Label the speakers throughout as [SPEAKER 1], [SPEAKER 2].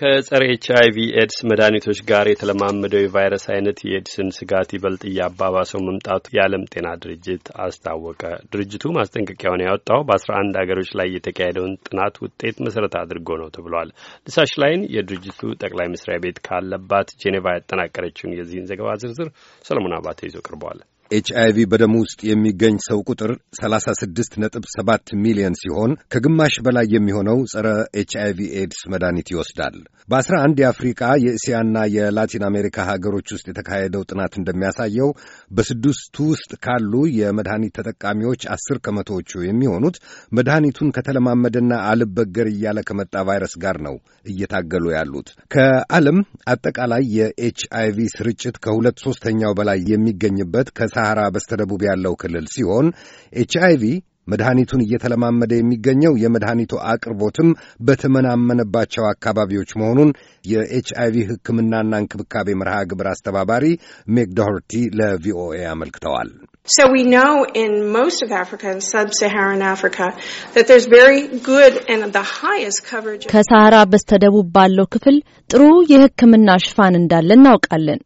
[SPEAKER 1] ከጸረ ኤች አይ ቪ ኤድስ መድኃኒቶች ጋር የተለማመደው የቫይረስ አይነት የኤድስን ስጋት ይበልጥ እያባባሰው መምጣቱ የዓለም ጤና ድርጅት አስታወቀ። ድርጅቱ ማስጠንቀቂያውን ያወጣው በአስራ አንድ ሀገሮች ላይ የተካሄደውን ጥናት ውጤት መሰረት አድርጎ ነው ተብሏል። ልሳሽ ላይን የድርጅቱ ጠቅላይ መስሪያ ቤት ካለባት ጄኔቫ ያጠናቀረችውን የዚህን ዘገባ ዝርዝር ሰለሞን አባተ ይዞ ቀርበዋል።
[SPEAKER 2] ኤች አይቪ በደም ውስጥ የሚገኝ ሰው ቁጥር 36.7 ሚሊዮን ሲሆን ከግማሽ በላይ የሚሆነው ጸረ ኤች አይቪ ኤድስ መድኃኒት ይወስዳል። በ11 የአፍሪካ የእስያና የላቲን አሜሪካ ሀገሮች ውስጥ የተካሄደው ጥናት እንደሚያሳየው በስድስቱ ውስጥ ካሉ የመድኃኒት ተጠቃሚዎች አስር ከመቶዎቹ የሚሆኑት መድኃኒቱን ከተለማመደና አልበገር እያለ ከመጣ ቫይረስ ጋር ነው እየታገሉ ያሉት። ከዓለም አጠቃላይ የኤች አይቪ ስርጭት ከሁለት ሦስተኛው በላይ የሚገኝበት ተራራ በስተደቡብ ያለው ክልል ሲሆን ኤች አይቪ መድኃኒቱን እየተለማመደ የሚገኘው የመድኃኒቱ አቅርቦትም በተመናመነባቸው አካባቢዎች መሆኑን የኤች አይቪ ሕክምናና እንክብካቤ መርሃ ግብር አስተባባሪ ሜግ ዶሆርቲ ለቪኦኤ አመልክተዋል። ከሳህራ በስተደቡብ
[SPEAKER 3] ባለው ክፍል ጥሩ የሕክምና ሽፋን እንዳለ እናውቃለን።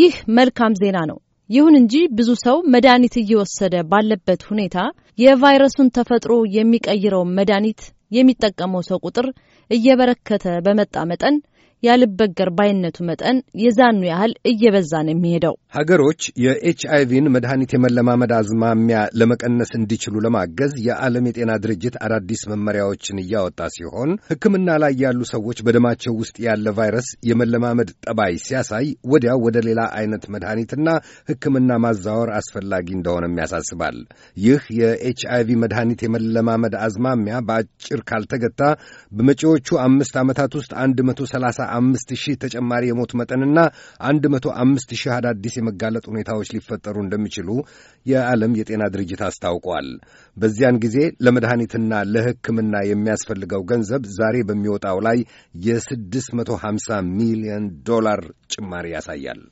[SPEAKER 3] ይህ መልካም ዜና ነው። ይሁን እንጂ ብዙ ሰው መድኃኒት እየወሰደ ባለበት ሁኔታ የቫይረሱን ተፈጥሮ የሚቀይረው መድኃኒት የሚጠቀመው ሰው ቁጥር እየበረከተ በመጣ መጠን ያልበገር ባይነቱ መጠን የዛኑ ያህል እየበዛ ነው የሚሄደው።
[SPEAKER 2] ሀገሮች የኤች አይቪን መድኃኒት የመለማመድ አዝማሚያ ለመቀነስ እንዲችሉ ለማገዝ የዓለም የጤና ድርጅት አዳዲስ መመሪያዎችን እያወጣ ሲሆን ሕክምና ላይ ያሉ ሰዎች በደማቸው ውስጥ ያለ ቫይረስ የመለማመድ ጠባይ ሲያሳይ ወዲያ ወደ ሌላ አይነት መድኃኒትና ሕክምና ማዛወር አስፈላጊ እንደሆነም ያሳስባል። ይህ የኤች አይቪ መድኃኒት የመለማመድ አዝማሚያ በአጭር ካልተገታ በመጪዎቹ አምስት ዓመታት ውስጥ አንድ መቶ ሰላሳ አምስት ሺህ ተጨማሪ የሞት መጠንና አንድ መቶ አምስት ሺህ አዳዲስ የመጋለጥ ሁኔታዎች ሊፈጠሩ እንደሚችሉ የዓለም የጤና ድርጅት አስታውቋል። በዚያን ጊዜ ለመድኃኒትና ለሕክምና የሚያስፈልገው ገንዘብ ዛሬ በሚወጣው ላይ የስድስት መቶ ሚሊዮን ዶላር ጭማሪ ያሳያል።